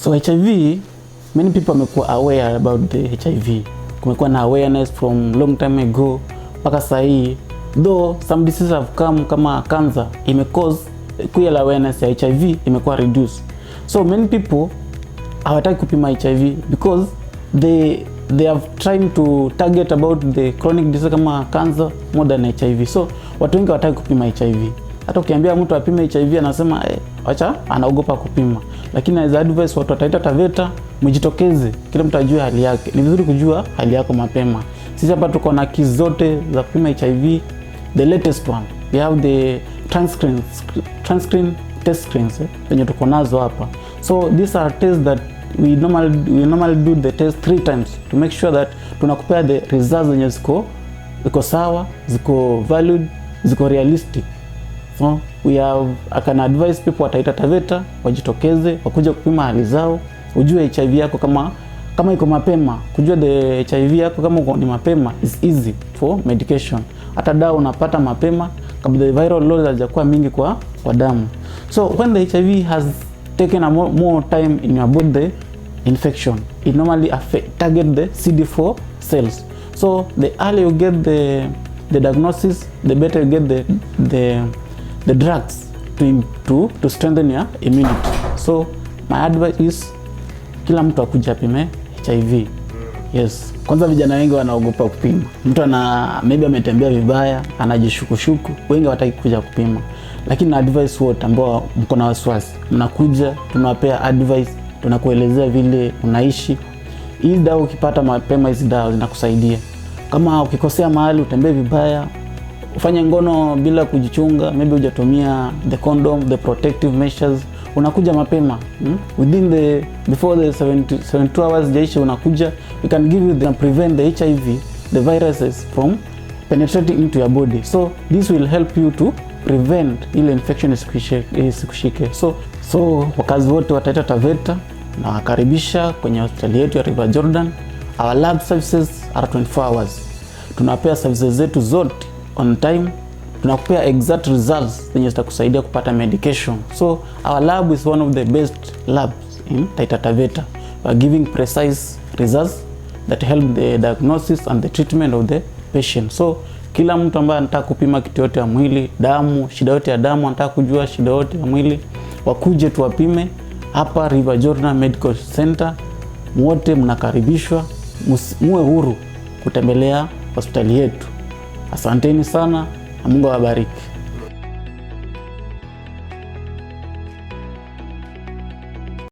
So HIV, many people wamekuwa aware about the HIV. Kumekuwa na awareness from long time ago mpaka sasa hii, though some diseases have come kama cancer ime cause kuya la awareness ya HIV imekuwa reduced. So many people hawataki kupima HIV because they they have trying to target about the chronic disease kama cancer more than HIV. So watu wengi hawataki kupima HIV. Hata ukiambia mtu apime HIV anasema eh, acha, anaogopa kupima. Lakini as advice watu wataita TAVETA, mjitokeze, kila mtu ajue hali yake. Ni vizuri kujua hali yako mapema. Sisi hapa tuko na kits zote za kupima HIV, the latest one. We have the transcreen transcreen test screens zenye eh, tuko nazo hapa. So these are tests that we normally we normally do the test three times to make sure that tunakupea the results zenye ziko ziko sawa, ziko valid, ziko realistic we have, I can advise people wa Taita Taveta wajitokeze wakuja kupima hali zao, ujue HIV yako kama kama iko mapema. Kujua the HIV yako kama uko ni mapema is easy for medication, hata dawa unapata mapema kabla the viral load hajakuwa mingi kwa kwa damu. So when the HIV has taken a more, more time in your body the infection it normally affect, target the CD4 cells. So the earlier you get the the diagnosis the better you get the the the drugs to, to, to strengthen your immunity. So my advice is kila mtu akuja apime HIV. Yes. Kwanza vijana wengi wanaogopa kupima. Mtu ana maybe ametembea vibaya, anajishukushuku, wengi hawataki kuja kupima. Lakini na advice wote ambao mko na wasiwasi, mnakuja tunawapea advice, tunakuelezea vile unaishi. Hii dawa ukipata mapema, hizi dawa zinakusaidia. Kama ukikosea mahali, utembee vibaya, ufanye ngono bila kujichunga, maybe hujatumia the condom, the protective measures, unakuja mapema hmm? within the before the 72, hours jaisha, unakuja we can give you the prevent the HIV the viruses from penetrating into your body, so this will help you to prevent ile infection isikushike. So so wakazi wote wataita TAVETA na wakaribisha kwenye hospitali yetu ya River Jordan. Our lab services are 24 hours, tunapea services zetu zote on time, tunakupea exact results zenye zitakusaidia kupata medication. So our lab is one of the best labs in Taita Taveta. We are giving precise results that help the diagnosis and the treatment of the patient. So kila mtu ambaye anataka kupima kitu yote ya mwili, damu, shida yote ya damu, anataka kujua shida yote ya mwili, wakuje tuwapime hapa River Jordan Medical Center. Wote mnakaribishwa, muwe huru kutembelea hospitali yetu. Asanteni sana na Mungu awabariki.